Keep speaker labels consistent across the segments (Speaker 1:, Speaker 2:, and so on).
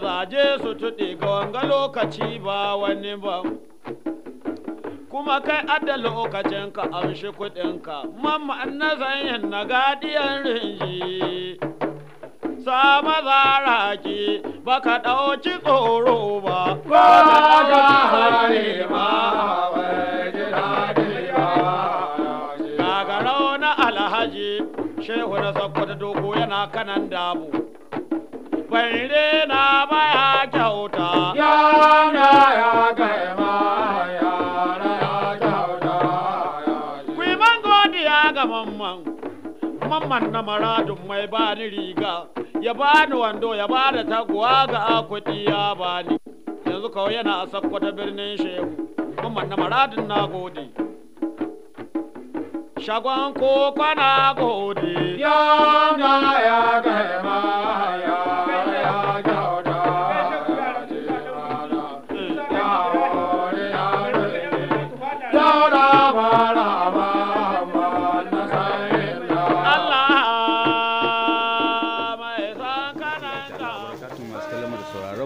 Speaker 1: mazaje su tuɗe ga wanga lokaci ba wani ba kuma kai adda lokacin ka amshi kuɗinka mamma an na zanyin na gadiyan rinji sa maza raki ka ɗauki tsoro ba ba ga hari ma Shehu na sakkwata dogo yana kanan damu. kwanre na baya kyauta ya kai ma ya kyauta ku godiya ga mamman mamman na maradun mai bani riga ya bani wando ya da taguwa ga akwati ya bani yanzu kawai yana a birnin shehu mamman na maradun na gode shagon ko kwana gode yana ya kai ma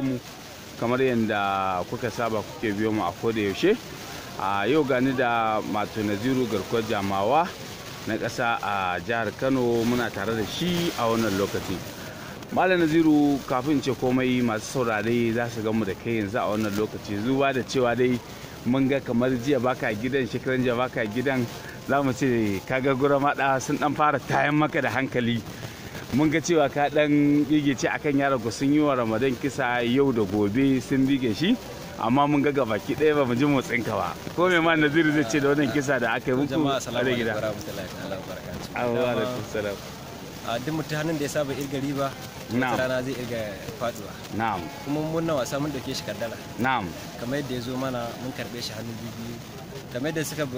Speaker 2: mu kamar yadda kuka saba kuke biyo mu a koda yaushe a yau gani da mato naziru garkuwar jamawa na kasa a jihar kano muna tare da shi a wannan lokaci malam naziru kafin ce komai masu saurare za su gamu da kai yanzu a wannan lokaci zuwa da cewa dai mun ga kamar jiya baka gidan shekaran jiya baka gidan za mu ce kaga gura maɗa sun ɗan fara tayan maka da hankali mun ga cewa ka dan gigice akan yara ku sun yi wa ramadan kisa yau da gobe sun bige shi amma mun ga gabaki ɗaya ba mu ji motsin ka ba ko me ma naziru zai ce da wannan kisa da aka yi muku a da gida
Speaker 3: a duk mutanen da ya saba irga riba wata rana zai irga faduwa na'am kuma mun na wasa mun dauke shi kaddala. na'am kamar yadda ya zo mana mun karbe shi hannu biyu kamar yadda suka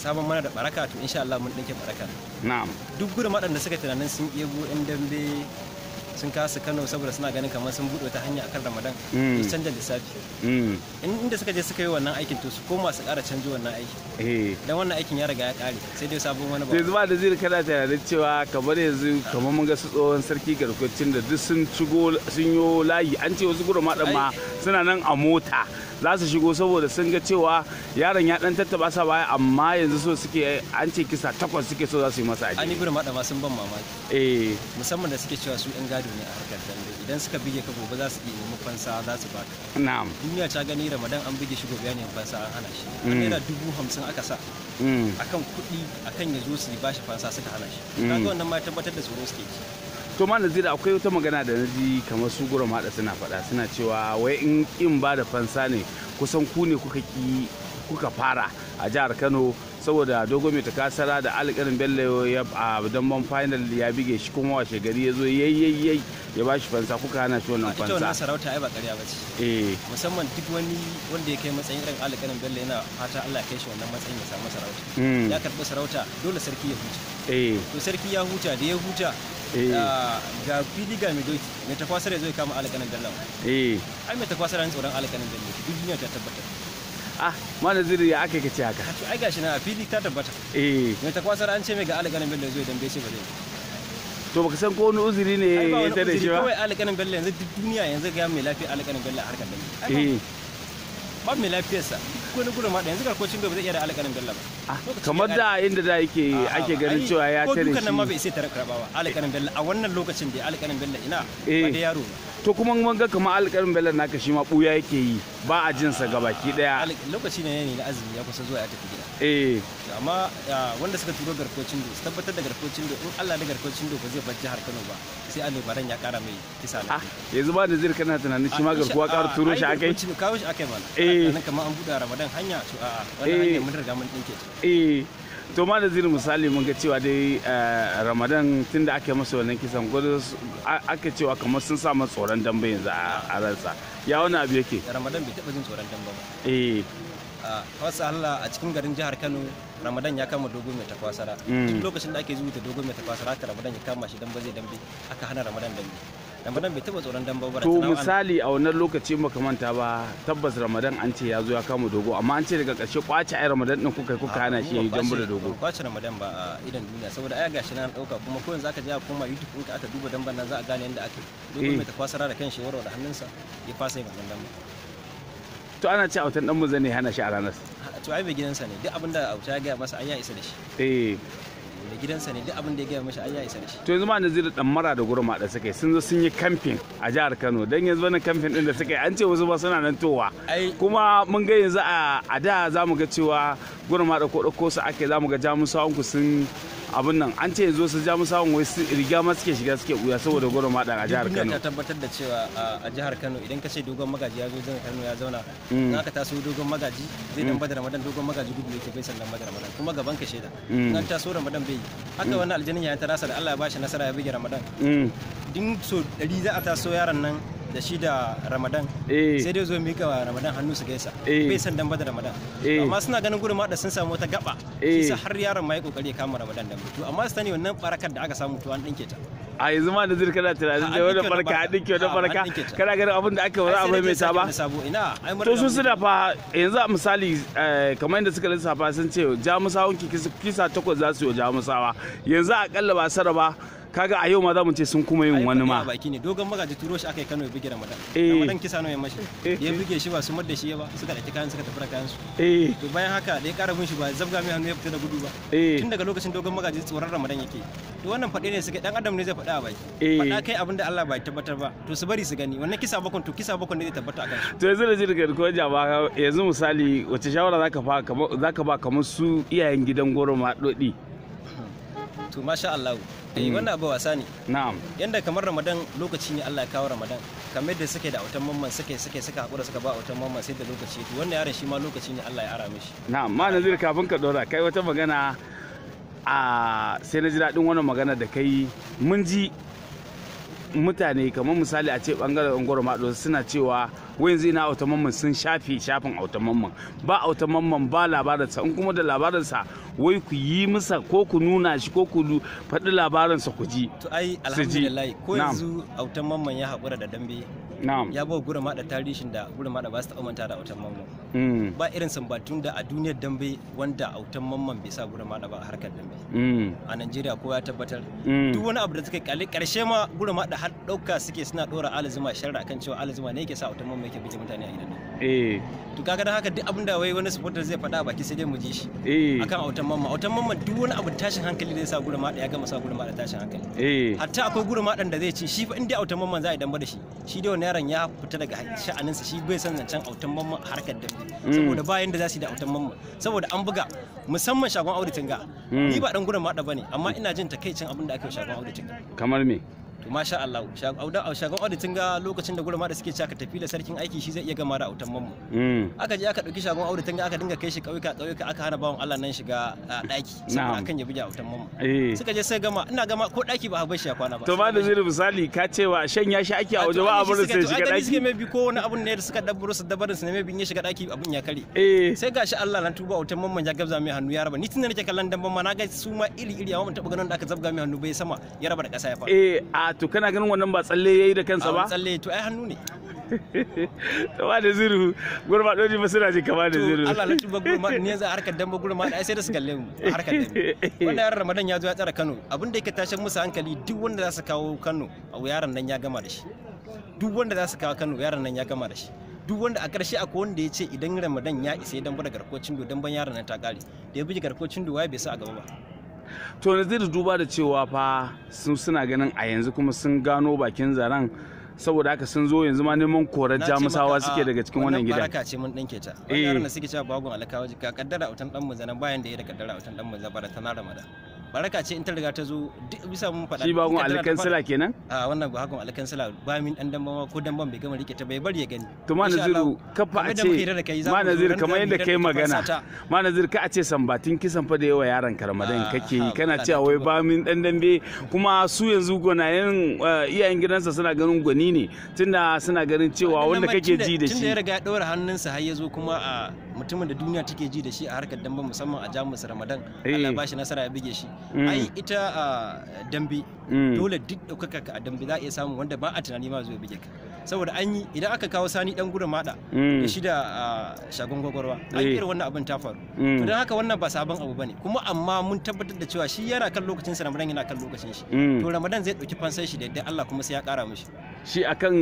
Speaker 3: sabon mana da baraka to insha Allah mun dinke baraka na'am duk madan da suka tunanin sun ebo yan dambe sun kasu Kano saboda suna ganin kamar sun bude ta hanya akan Ramadan to mm. canja lissafi mm. inda suka je suka yi wannan aikin to su koma su ƙara canjo wannan aiki eh. dan wannan aikin ya riga ya ƙare sai dai sabon wani ba yanzu
Speaker 2: ba da zai kana da cewa kamar yanzu kamar mun ga su tsohon sarki garkwacin da duk sun cigo sun yo layi an ce wasu madan ma suna nan a mota za su shigo saboda sun ga cewa yaron ya dan tattaba sa baya amma yanzu so suke an ce kisa takwas suke so za su yi masa aji ani bir madama sun ban mamaki eh
Speaker 3: musamman da suke cewa su ɗan gado ne a harkar dambe idan suka bige ka gobe za su iya nemi fansa za su baka na'am duniya ta gani ramadan an bige shi gobe ya nemi fansa an hana shi mm. naira dubu hamsin aka sa
Speaker 2: mm. akan
Speaker 3: kuɗi akan ya zo su yi bashi fansa suka hana shi mm. kaga wannan ma tabbatar da tsoro suke ci
Speaker 2: to ma nazira akwai wata magana da na ji kamar su gurum haɗa suna faɗa suna cewa wai in kin ba da fansa ne kusan ku ne kuka ki kuka fara a jihar kano saboda dogo mai takasara da alƙarin bello ya a damban final ya bige shi kuma washe gari ya zo yayyayyai ya ba shi fansa kuka hana shi wannan fansa. Ita wannan
Speaker 3: sarauta ai ba ƙarya ba ce. Eh. Musamman duk wani wanda ya kai matsayin irin alƙarin bello yana fata Allah ya kai shi wannan matsayin ya samu sarauta. Hmm. Ya karɓi sarauta dole sarki ya huta. Eh. To sarki ya huta da ya huta Eh. Ah, ga fidiga mai doki mai takwasar zai kama alƙanin dallon eh ai mai takwasar an tsoron alƙanin dallon duk duniya ta tabbatar ah mana zuri ya aka kace haka to ai gashi na a ta tabbata eh mai takwasar an ce mai ga alƙanin dallon zai dambe shi ba zai
Speaker 2: to baka san ko wani uzuri ne ya tare shi ba kawai
Speaker 3: alƙanin dallon yanzu duk duniya yanzu ga mai lafiya alƙanin dallon harkar dallon eh ba mai lafiyarsa ko na ma yanzu garkocin bai iya da alƙalin ba ah, kamar da
Speaker 2: inda da yake ake ganin cewa ya tare shi ko nan ma bai sai
Speaker 3: tare karba ba alƙalin bello a wannan lokacin da alƙalin
Speaker 2: ina ba eh. da yaro ba to kuma mun ga kamar alƙalin bello naka shi ma buya yake yi ba a jin sa gabaki
Speaker 3: daya lokaci ne ne na azumi ya kusa zuwa ya tafi gida eh amma wanda suka turo garkocin do su tabbatar da garkocin do in Allah da garkocin do ba zai bar jihar Kano ba sai Allah baran ya kara mai kisa na ah,
Speaker 2: yanzu ba da zir kana tunanin shi ma ah, garkuwa ƙara turo shi ah, akai
Speaker 3: kawo shi akai ba eh kamar an buɗe Ramadan hanya to a'a wannan hanya eh. mun riga mun dinke
Speaker 2: eh to ma da zira misali mun ga cewa dai eh, ramadan tun da aka masa wannan kisan gudu aka cewa kamar sun sa tsoron dambe yanzu a ransa ya wani abu yake
Speaker 3: ramadan bai taɓa jin tsoron dambe ba eh wasu allah a cikin garin jihar kano ramadan ya kama dogon mai tafasara mm. duk lokacin da ake zuwa dogon mai tafasara haka ramadan ya kama shi dambe zai dambe aka hana ramadan dambe ramadan bai taba tsoron damba ba to misali
Speaker 2: a wannan lokaci muka manta ba tabbas ramadan an ce ya zo ya kama dogo amma an ce daga karshe kwace ai ramadan din kuka kuka hana shi yayi damba da dogo
Speaker 3: kwace ramadan ba a idan duniya saboda ai gashi na dauka kuma ko yanzu aka je a koma youtube ɗinka aka duba damban nan za a gane inda ake dogo eh. mai ta kwasara da kanshi warwa da hannunsa ya fasa yin wannan damba
Speaker 2: to ana ce autan dan mu zane hana shi a ranar
Speaker 3: to ai mai gidansa ne duk abinda auta ya ga masa an ya isa da shi eh da gidansa ne duk abin da ya gaya mashi ayya ya isa da shi
Speaker 2: to yanzu ma Naziru dan mara da gurma da suka yi sun zo sun yi kamfin a jihar Kano dan yanzu wannan kamfin din da suka yi an ce wasu ba suna nan towa kuma mun ga yanzu a da zamu ga cewa gurma da ko dauko su ake zamu ga jamusawan ku sun abin nan an ce yanzu su ja musawan wai riga ma suke shiga suke wuya saboda goro madan a jihar Kano. Ina
Speaker 3: tabbatar da cewa a jihar Kano idan ka ce dogon magaji ya zo zan Kano ya zauna naka mm. ta taso dogon magaji zai dan mm. bada Ramadan dogon magaji gudu yake bai sallan bada Ramadan kuma gaban ka shaida mm. in ta taso Ramadan bai haka wannan aljanin ya ta rasa da Allah ya bashi nasara ya bige Ramadan. Din so dari za a taso yaran nan da shi da ramadan eh. sai dai zo mika wa ramadan hannu su gaisa eh. bai san dan da ramadan eh. amma suna ganin gurin ma da sun samu wata gaba sai har yaron ma ya kokari ya kama ramadan da mutu amma su sani wannan barakar da aka samu to an dinke ta a yanzu ma da zir kana
Speaker 2: tunanin da wani farka a dinke wani farka kana ganin
Speaker 3: abin da aka wani abu mai saba to
Speaker 2: su suna fa yanzu a misali kamar yadda suka lissafa sun ce jamusawan kisa takwas za su yi wa jamusawa yanzu a akalla ba kaga a yau ma za mu ce sun kuma yin wani ma
Speaker 3: baki ne dogon magaji turo shi aka yi Kano ya bige Ramadan eh. Ramadan kisa nawa ya mashi eh. ya bige shi ba su madda da shi ba suka daki kayan suka tafi kayan su eh. to bayan haka da ya kara gun shi ba zabga mai hannu ya fita da gudu ba tun daga lokacin dogon magaji tsoron Ramadan yake to wannan faɗe ne suka dan adam ne zai faɗa a baki faɗa kai abin da Allah bai tabbatar ba to su bari su gani wannan kisa bakon to kisa bakon ne zai tabbata a kan to yanzu da jirgin ko
Speaker 2: jama'a yanzu misali wace shawara zaka ba kamar su iyayen gidan goro ma dodi
Speaker 3: to masha Allah eh, hmm. wannan abu wasa ne na'am yanda kamar Ramadan lokaci ne Allah ya kawo Ramadan kamar da suke da autan mamman suke suke suka hakura suka ba autan mamman sai da lokaci to wannan yaron shi ma lokaci ne Allah ya ara mishi
Speaker 2: na'am ma nazir kafin ka dora kai wata magana a sai na ji daɗin wannan magana da kai mun ji mutane kamar misali a ce bangaren ungoro maɗo suna cewa wai yanzu ina mamman sun shafe shafin mamman ba mamman ba labarinsa in kuma da labarinsa wai ku yi masa ko ku nuna shi ko ku faɗi sa ku ji to ai alhamdulillah ko yanzu
Speaker 3: autan mamman ya haƙura da dambe ya bawa gura maɗa tarihin da gura maɗa ba su taɓa manta da autan mamman mm. ba irin sambatun da a duniyar dambe wanda autan mamman bai sa gura maɗa ba a harkar dambe mm. a najeriya kowa ya tabbatar mm. duk wani abu da suka kalli karshe ma gura maɗa har ɗauka suke suna ɗora alazuma sharra kan cewa alazuma ne yake sa autan mamman yake bije mutane a gidan nan Eh. to kaga da haka duk abin da wai wani supporter zai faɗa a baki sai dai mu ji shi eh akan autan mamma autan mamma duk wani abu tashin hankali da ya sa gurma da ya gama sa gurma da tashin hankali eh hatta akwai gurma dan da zai ci shi fa inda autan mamman za a damba da shi shi dai wani yaron ya fita daga sha'anin sa shi bai san zancen autan mamma harkar da mm. saboda bayan da za su yi da autan mamma saboda an buga musamman shagon aure ga ni mm. ba dan gurma da bane amma ina jin takaicin abin da ake shagon aure kamar me to masha Allah shagon auditin ga lokacin da gurama da suke caka tafi da sarkin aiki shi zai iya gama da autan mamu mm. aka je aka dauki shagon auditin ga aka dinga kai shi kauyuka kauyuka aka hana bawon Allah nan shiga daki sai akan ya buja autan mamu eh. suka je sai gama ina gama ko daki ba a bar shi ya kwana ba to
Speaker 2: ma da zuri misali ka cewa ya shi ake a waje ba a bar sai shiga daki suke
Speaker 3: mai bi ko wani abun ne da suka dabburu su dabarin su ne mai bin ya shiga daki abun ya kare eh. sai gashi Allah nan tuba autan mamu ya gabza mai hannu ya raba ni tunda nake kallon dan ma na ga su ma iri iri amma ban taba ganin da aka zabga mai hannu bai sama ya raba da kasa ya fara eh a to kana ganin
Speaker 2: wannan ba tsalle yayi da kansa ba tsalle to ai hannu ne kama da ziru gurma
Speaker 3: ɗoji ba suna ji kama da ziru Allah na tuba gurma ne yanzu a harkar damba gurma ai sai da su kalle mu a harkar damba wannan yaran Ramadan ya zo ya tsara Kano abinda yake tashin musu hankali duk wanda za su kawo Kano a yaran nan ya gama da shi duk wanda za su kawo Kano yaran nan ya gama da shi duk wanda a ƙarshe akwai wanda ya ce idan Ramadan ya isa ya damba da garkocin do damban yaran nan ta kare da ya buge garkocin do waye bai sa a gaba ba
Speaker 2: to yanzu da duba da cewa fa sun suna ganin a yanzu kuma sun gano bakin zaren saboda haka sun zo yanzu ma neman korar jamusawa suke daga cikin wannan gidan baraka
Speaker 3: ce mun dinke ta yaron da eh. suke cewa bagon alkawaji ka kaddara utan dan mu zanan bayan da ya da kaddara utan dan mu zabara tana ramadan baraka ce in ta riga ta zo bisa mun faɗa shi ba gun alkansila kenan a wannan ba gun alkansila ba min dan dan ko dan ban bai gama rike ta bai bari ya gani to ma naziru fa a ce ma naziru kamar yadda kai magana
Speaker 2: ma naziru ka a ce sambatin kisan fa da yawa yaran ka ah, kake yi kana cewa wai ba min dan dan bai kuma su yanzu gonayen eh, iyayen gidansa suna ganin gwani ne tunda suna ganin cewa wanda kake ji da shi tunda ya
Speaker 3: riga ya daura hannunsa har ya zo kuma a mutumin da duniya take ji da shi a harkar damba musamman a jamus ramadan eh. Allah ba shi nasara ya bige shi Mm. ai ita a dambe mm. dole duk ɗaukaka ka a dambe za a iya samun wanda ba a tunani ma zuwa bige ka saboda an yi idan aka kawo sani dan gudun mada mm. da shi da shagon gwagwarwa an yi eh. wannan abin ta faru to don haka wannan ba sabon abu bane kuma amma mun tabbatar da cewa shi yana kan lokacin sa ramadan yana kan lokacin shi to ramadan zai dauki fansan shi da yadda Allah kuma sai ya kara mishi
Speaker 2: shi akan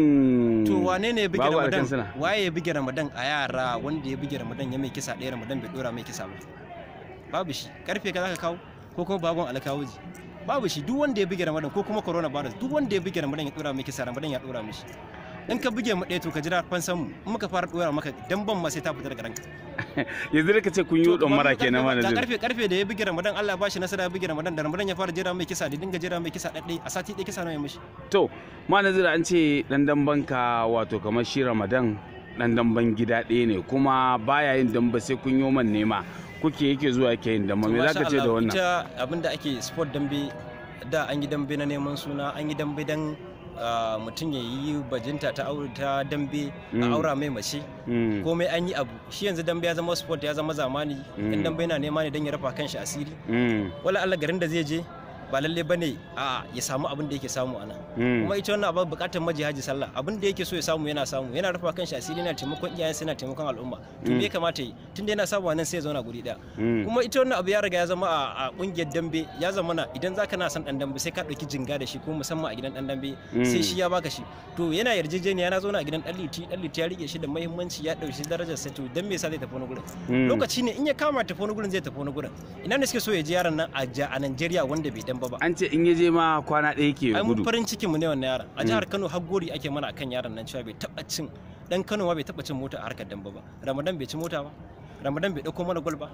Speaker 2: to wane ne ya bige ramadan
Speaker 3: waye ya bige ramadan a yara wanda ya bige ramadan ya mai kisa ɗaya ramadan bai dora mai kisa ba babu shi karfe ka zaka kawo ko kuma bagon alkawuji babu shi duk wanda ya buge ramadan ko kuma corona virus duk wanda ya buge ramadan ya dora miki sa ramadan ya dora mishi in ka buge mu ɗaya to ka jira fansan mu in muka fara dora maka dan ban ma sai ta fita daga ranka
Speaker 2: yanzu da kace kun yi don mara kenan ma da karfe
Speaker 3: karfe da ya buge ramadan Allah ya bashi nasara ya buge ramadan da ramadan ya fara jira mai kisa da dinga jira mai kisa ɗaɗɗai a sati ɗaya kisa nawa ya mishi to
Speaker 2: ma na an ce dan dan banka wato kamar shi ramadan dan ban gida ɗaya ne kuma baya yin ba sai kun yi man nema kuke yake zuwa ke yin dambe me zaka ce da wannan
Speaker 3: ita abinda ake sport dambe da an yi dambe na neman suna an yi dambe dan ah, mutum ya yi bajinta ta ta dambe a mm. aura mai mace mm. komai an yi abu shi yanzu dambe ya zama sport ya zama zamani in mm. dambe yana nema ne dan ya rafa kanshi asiri wala Allah garin da zai je ba lalle bane a ya samu abin da yake samu ana hmm. kuma ita wannan abin bukatar haji sallah abin da yake so ya samu yana samu yana rufa kan asiri yana taimakon iyayen yana taimakon al'umma to me hmm. ya kamata yi tun da yana samu nan sai ya zauna guri daya hmm. kuma ita wannan abu ya riga ya zama a kungiyar dambe ya zama na idan zaka na san dan dambe sai ka dauki jinga da shi ko musamman a gidan dan dambe sai shi ya baka shi to yana yarjejeniya yana zauna a gidan dan liti dan liti ya rike shi da muhimmanci ya dauki darajar sa to dan me yasa zai tafi gurin lokaci ne in ya kama tafi wani gurin zai tafi gurin ina ne suke so ya ji yaran nan a Najeriya wanda bai ba an ce in ya je ma kwana ɗaya ke gudu ai farin cikin mu ne wannan yaran a jihar mm. Kano har gori ake mana kan yaran nan cewa bai taba cin dan Kano ba bai taba cin mota a harkar damba ba Ramadan bai ci mota ba Ramadan bai dauko mana gol ba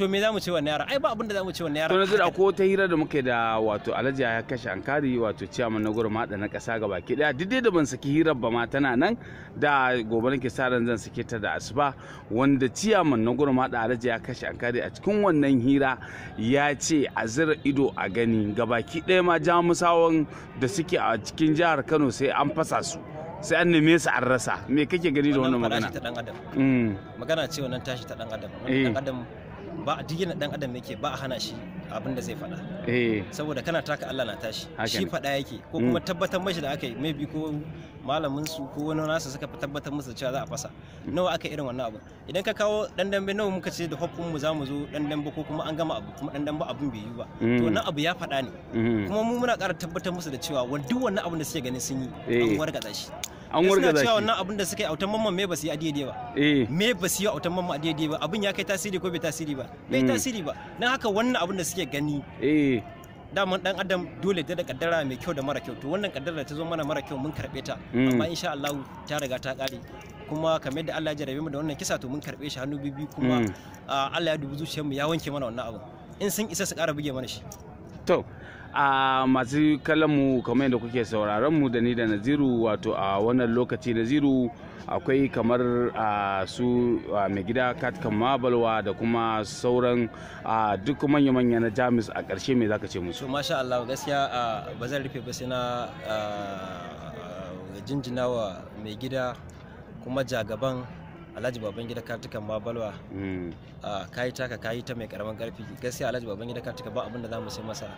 Speaker 3: to me mu ce wannan yara ai ba abin da mu ce wannan yaran to nazir
Speaker 2: ko ta hira da muke da wato Alhaji ya kashe Ankari wato ciyaman na gurma da na kasa gaba ki daya duk da ban saki hirar ba ma tana nan da gobe nake sa ran zan sake ta da asuba wanda ciyaman na gurma da Alhaji ya kashe Ankari a cikin wannan hira ya ce a zira ido a gani gabaki daya ma jamusawan da suke a cikin jihar Kano sai an fasa su sai an neme su an rasa me kake gani da wannan magana mm.
Speaker 3: magana ce wannan tashi ta dan adam wannan dan eh. adam ba a digina dan adam yake ba a hana shi abin da zai faɗa eh. saboda kana taka Allah na tashi shi faɗa yake ko mm. kuma tabbatar mashi da aka yi maybe ko malamin su ko wani nasu suka tabbatar musu cewa za a fasa mm. nawa aka irin wannan abu idan ka kawo dan dambe nawa muka ce da hoppun mu zamu zo dan dambe ko kuma an gama abu kuma dan dambe abun bai yi ba to mm. wannan abu ya faɗa ne kuma mu muna ƙara tabbatar musu da cewa duk wannan abu da suke ganin sun yi an eh. wargaza shi an warga zaki suna cewa wannan abin da suka yi autan mamman me ba su yi adiyadi ba eh. me ba su yi autan mamman adiyadi ba abin ya kai tasiri ko bai tasiri ba bai hmm. tasiri ba dan haka wannan abin da suke gani eh dama dan adam dole da kaddara mai kyau da mara kyau to wannan kaddara ta zo mana mara kyau mun karbe ta hmm. amma insha Allah ta riga ta kare kuma kamar da Allah ya jarabe mu da wannan kisa to mun karbe shi hannu bibi kuma hmm. ah, Allah ya dubi zuciyarmu mu ya wanke mana wannan abu in sun isa su kara buge mana shi
Speaker 2: to a masu mu kamar yadda kuke sauraron mu da ni da naziru wato a wannan lokaci naziru akwai kamar a su mai gida katkan mabalwa da kuma sauran duk manya-manya na jamus a ƙarshe mai zaka ce musu
Speaker 3: masha Allah gaskiya ba zan rufe ba sai na jinjina wa mai gida kuma jagaban alhaji baban gida kartukan mabalwa balwa hmm. kayi taka kayi ta mai karamin karfi gaskiya alhaji baban gida kartuka ba abin da za mu sai masa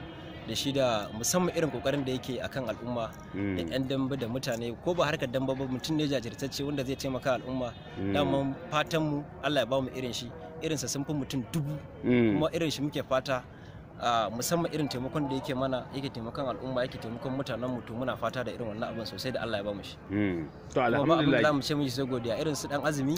Speaker 3: da shi da musamman irin kokarin da yake akan al'umma hmm. da yan dambe da mutane ko ba harkar dambe ba mutum ne jajirtacce wanda zai taimaka al'umma hmm. daman fatan mu Allah ya ba mu irin shi sa sun fi mutum dubu hmm. kuma irin shi muke fata musamman irin taimakon da yake mana yake taimakon al'umma yake taimakon mutanen mu to muna fata da irin wannan abin sosai da Allah ya bamu shi
Speaker 2: to alhamdulillah za mu
Speaker 3: ce mishi sai godiya irin su dan azumi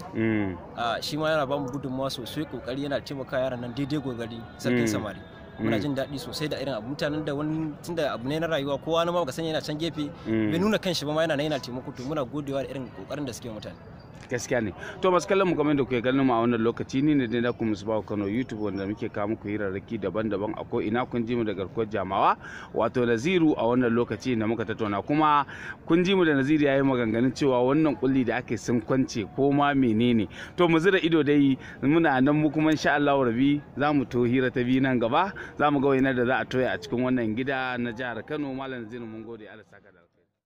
Speaker 3: shi ma yana bamu gudunmawa sosai kokari yana taimaka yaran nan daidai gogari sarkin samari muna mm. jin daɗi sosai da irin abu mutanen da wani da abu ne na rayuwa kowa na ma baka sanya yana can gefe bai mm. nuna kan shi ba ma yana yana taimako to muna godewa da irin kokarin da suke mutane
Speaker 2: gaskiya ne to masu kallon mu kamar da kuke ganin mu a wannan lokaci ni ne na ku musu bawa Kano YouTube wanda muke kawo muku hirarraki daban-daban a ko ina kun ji mu da garkuwar jamawa wato Naziru a wannan lokaci da muka tattauna kuma kun ji mu da Naziru yayi maganganun cewa wannan kulli da ake sun kwance ko ma menene to mu zira ido dai muna nan mu kuma insha Allah rabi za mu to hira ta bi nan gaba za mu ga waina da za a toya a cikin wannan gida na jihar Kano malam Naziru mun gode Allah saka da